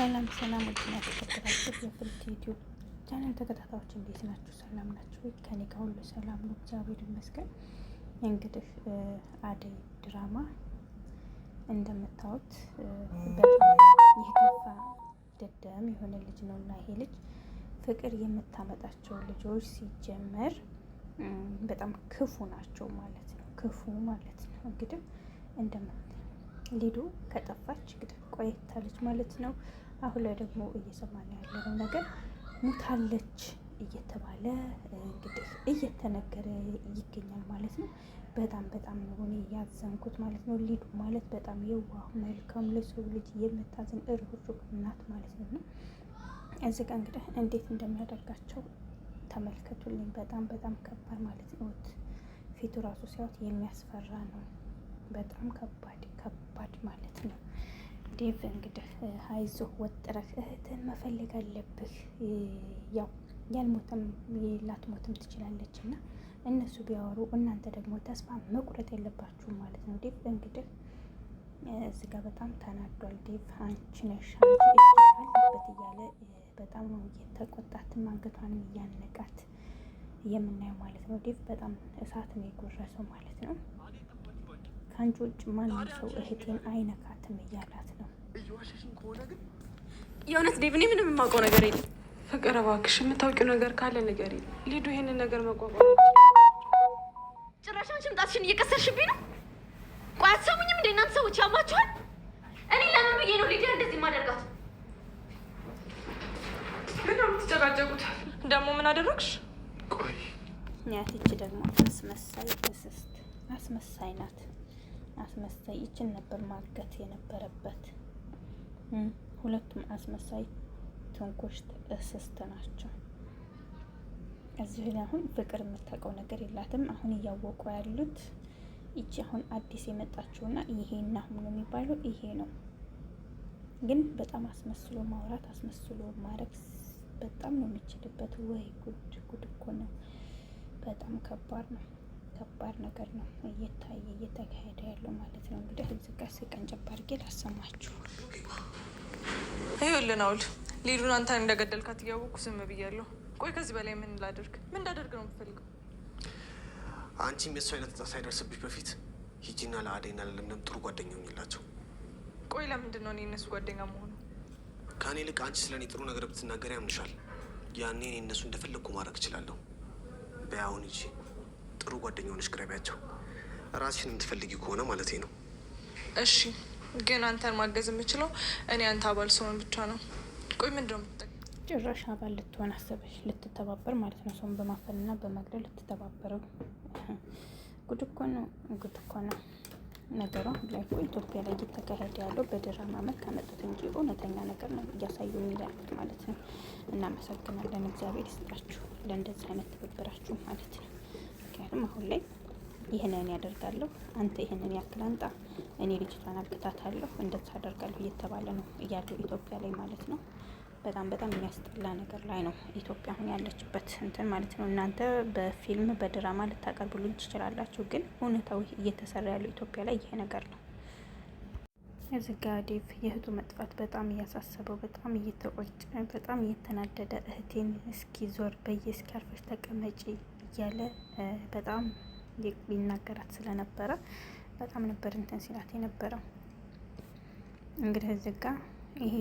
ሰላም ሰላም፣ ውድና የተከበራችሁ የፍልት ዩቲዩብ ቻናል ተከታታዮች እንዴት ናችሁ? ሰላም ናችሁ? ከኔ ጋር ሁሉ ሰላም ነው፣ እግዚአብሔር ይመስገን። እንግዲህ አደይ ድራማ እንደምታዩት በጣም የከፋ ደደም የሆነ ልጅ ነው እና ይሄ ልጅ ፍቅር የምታመጣቸው ልጆች ሲጀመር በጣም ክፉ ናቸው ማለት ነው፣ ክፉ ማለት ነው። እንግዲህ እንደምት ሊዱ ከጠፋች እንግዲህ ቆየታለች ማለት ነው። አሁን ላይ ደግሞ እየሰማን ያለነው ነገር ሙታለች እየተባለ እንግዲህ እየተነገረ ይገኛል ማለት ነው። በጣም በጣም ነው እኔ ያዘንኩት ማለት ነው። ሊዱ ማለት በጣም የዋህ መልካም፣ ለሰው ልጅ የምታዝን እርህሩህ ናት ማለት ነው። እዚህ ጋ እንግዲህ እንዴት እንደሚያደርጋቸው ተመልከቱልኝ። በጣም በጣም ከባድ ማለት ነው። ፊቱ ራሱ ሲያዩት የሚያስፈራ ነው። በጣም ከባድ ከባድ ማለት ነው። ዴቭ እንግዲህ አይዞህ ወጥረህ እህትህን መፈለግ አለብህ። ያው ያልሞተም ላትሞትም ትችላለች እና እነሱ ቢያወሩ እናንተ ደግሞ ተስፋ መቁረጥ የለባችሁም ማለት ነው። ዴቭ እንግዲህ እዚጋ በጣም ተናዷል። ዴቭ አንቺ ነሽ አለበት እያለ በጣም ነው የተቆጣት፣ አንገቷንም እያነቃት የምናየው ማለት ነው። ዴቭ በጣም እሳት ነው የጎረሰው ማለት ነው። ከአንቺ ውጭ ማንም ሰው እህቴን አይነካትም እያላት ነው። እየዋሸሽኝ ከሆነ ግን የእውነት ዴቭ፣ እኔ ምንም የማውቀው ነገር የለም። ፍቅር እባክሽ የምታውቂው ነገር ካለ ነገር የለም። ሊዱ ይሄንን ነገር መቋቋም ጭራሽ አንቺም ጣትሽን እየቀሰርሽብኝ ነው። ቆይ አትሰሙኝም እንደ እናንተ ሰዎች ያማችኋል። እኔ ለምን ብዬ ነው ሊዲያ እንደዚህ ማደርጋት? ምን የምትጨቃጨቁት ደግሞ? ምን አደረግሽ? ቆይ ያትቺ ደግሞ አስመሳይ እስስት አስመሳይ ናት። አስመሳይ ይችን ነበር ማርገት የነበረበት ሁለቱም አስመሳይ ትንኮሽት እስስት ናቸው። እዚህ ላይ አሁን ፍቅር የምታውቀው ነገር የላትም። አሁን እያወቁ ያሉት ይቺ አሁን አዲስ የመጣችውና ይሄ እናሁም ነው የሚባለው ይሄ ነው። ግን በጣም አስመስሎ ማውራት አስመስሎ ማድረግ በጣም ነው የሚችልበት። ወይ ጉድ ጉድ እኮ ነው። በጣም ከባድ ነው። ከባድ ነገር ነው እየታየ እየተካሄደ ያለው ማለት ነው። እንግዲህ እዚህ ጋር ስቀን ጨባርጌ ላሰማችሁ። ይኸውልህ ናውል ሊዱን አንተን እንደገደልካት እያወቅኩ ዝም ብያለሁ። ቆይ ከዚህ በላይ ምን ላደርግ ምን እንዳደርግ ነው የምፈልገው? አንቺም የእሱ አይነት እጣ ሳይደርስብሽ በፊት ሂጂና ለአደይና ለለምለም ጥሩ ጓደኛ ሆኝላቸው። ቆይ ለምንድን ነው እኔ እነሱ ጓደኛ መሆኑ? ከእኔ ይልቅ አንቺ ስለ እኔ ጥሩ ነገር ብትናገር ያምንሻል። ያኔ እኔ እነሱ እንደፈለግኩ ማድረግ እችላለሁ። በያሁን ይቼ ጥሩ ጓደኛ ሆነች ቅረቢያቸው፣ ራስሽን የምትፈልጊ ከሆነ ማለት ነው። እሺ፣ ግን አንተን ማገዝ የምችለው እኔ አንተ አባል ስሆን ብቻ ነው። ቆይ ምንድን ጭራሽ አባል ልትሆን አሰበች፣ ልትተባበር ማለት ነው። ሰውን በማፈንና በመግደል ልትተባበረው። ጉድ እኮ ነው፣ ጉድ እኮ ነው። ነገሯ ላይ እኮ ኢትዮጵያ ላይ እየተካሄደ ያለው በድራማ መልክ አመጡት እንጂ እውነተኛ ነገር ነው እያሳዩ የሚያሉት ማለት ነው። እናመሰግናለን። እግዚአብሔር ይስጣችሁ ለእንደዚህ አይነት ትብብራችሁ ማለት ነው። አይደለም። አሁን ላይ ይህንን ያደርጋለሁ፣ አንተ ይህንን ያክል አንጣ፣ እኔ ልጅቷን አግታታለሁ፣ እንደዛ አደርጋለሁ እየተባለ ነው እያለው ኢትዮጵያ ላይ ማለት ነው። በጣም በጣም የሚያስጠላ ነገር ላይ ነው ኢትዮጵያ አሁን ያለችበት እንትን ማለት ነው። እናንተ በፊልም በድራማ ልታቀርቡልን ትችላላችሁ፣ ግን እውነታው እየተሰራ ያለው ኢትዮጵያ ላይ ይሄ ነገር ነው። እዚህ ዴቭ የእህቱ መጥፋት በጣም እያሳሰበው፣ በጣም እየተቆጨ፣ በጣም እየተናደደ እህቴን እስኪ ዞር በየ እስኪ አርፈሽ ተቀመጪ እያለ በጣም ይናገራት ስለነበረ በጣም ነበር እንትን ሲላት የነበረው። እንግዲህ እዚህ ጋ ይሄ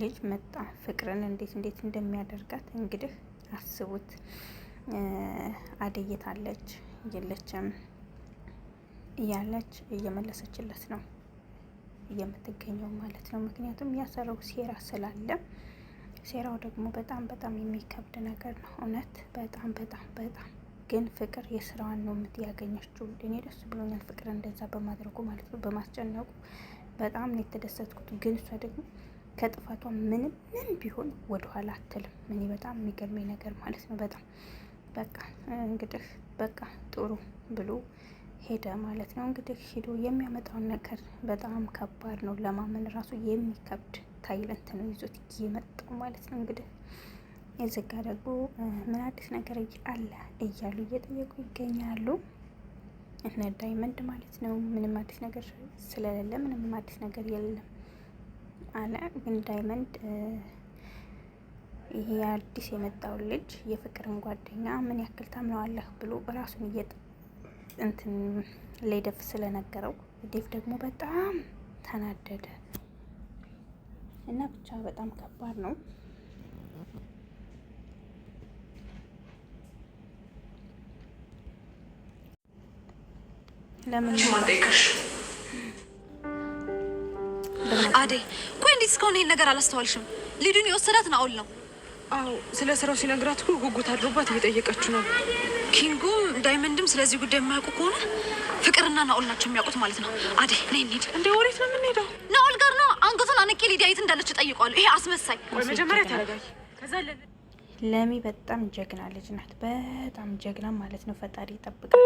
ልጅ መጣ ፍቅርን እንዴት እንዴት እንደሚያደርጋት እንግዲህ አስቡት። አደየት አለች የለችም እያለች እየመለሰችለት ነው የምትገኘው ማለት ነው። ምክንያቱም ያሰረው ሴራ ስላለ ሴራው ደግሞ በጣም በጣም የሚከብድ ነገር ነው። እውነት በጣም በጣም በጣም ግን ፍቅር የስራዋን ነው የምትያገኘችው። እኔ ደስ ብሎኛል ፍቅር እንደዛ በማድረጉ ማለት ነው፣ በማስጨነቁ በጣም ነው የተደሰትኩት። ግን እሷ ደግሞ ከጥፋቷ ምንም ምን ቢሆን ወደኋላ አትልም። እኔ በጣም የሚገርመኝ ነገር ማለት ነው። በጣም በቃ እንግዲህ በቃ ጥሩ ብሎ ሄደ ማለት ነው። እንግዲህ ሂዶ የሚያመጣውን ነገር በጣም ከባድ ነው ለማመን ራሱ የሚከብድ ታይለንት ነው ይዞት የመጣው ማለት ነው። እንግዲህ ጋር ደግሞ ምን አዲስ ነገር አለ እያሉ እየጠየቁ ይገኛሉ። እነ ዳይመንድ ማለት ነው ምንም አዲስ ነገር ስለሌለ ምንም አዲስ ነገር የለም አለ። ግን ዳይመንድ ይሄ አዲስ የመጣውን ልጅ የፍቅርን ጓደኛ ምን ያክል ታምነዋለህ ብሎ ራሱን እየጠ እንትን ሌደፍ ስለነገረው ዴፍ ደግሞ በጣም ተናደደ። እና ብቻ በጣም ከባድ ነው። ለምን አደይ፣ ቆይ እንዴት እስካሁን ይሄን ነገር አላስተዋልሽም? ሊዱን የወሰዳት ናኦል ነው። አዎ፣ ስለ ስራው ሲነግራት እኮ ጉጉት አድሮባት እየጠየቀችው ነው። ኪንጎ ዳይመንድም ስለዚህ ጉዳይ የማያውቁ ከሆነ ፍቅርና ናኦል ናቸው የሚያውቁት ማለት ነው። አደይ፣ ነይ እንሂድ። እንደ ወዴት ነው የምንሄደው? ናኦል አንገቷን አንቄ ሊዲያ የት እንዳለች ጠይቋለሁ። ይሄ አስመሳይ መጀመሪያ ታረጋል። ለሚ በጣም ጀግና ልጅ ናት። በጣም ጀግና ማለት ነው። ፈጣሪ ይጠብቃል።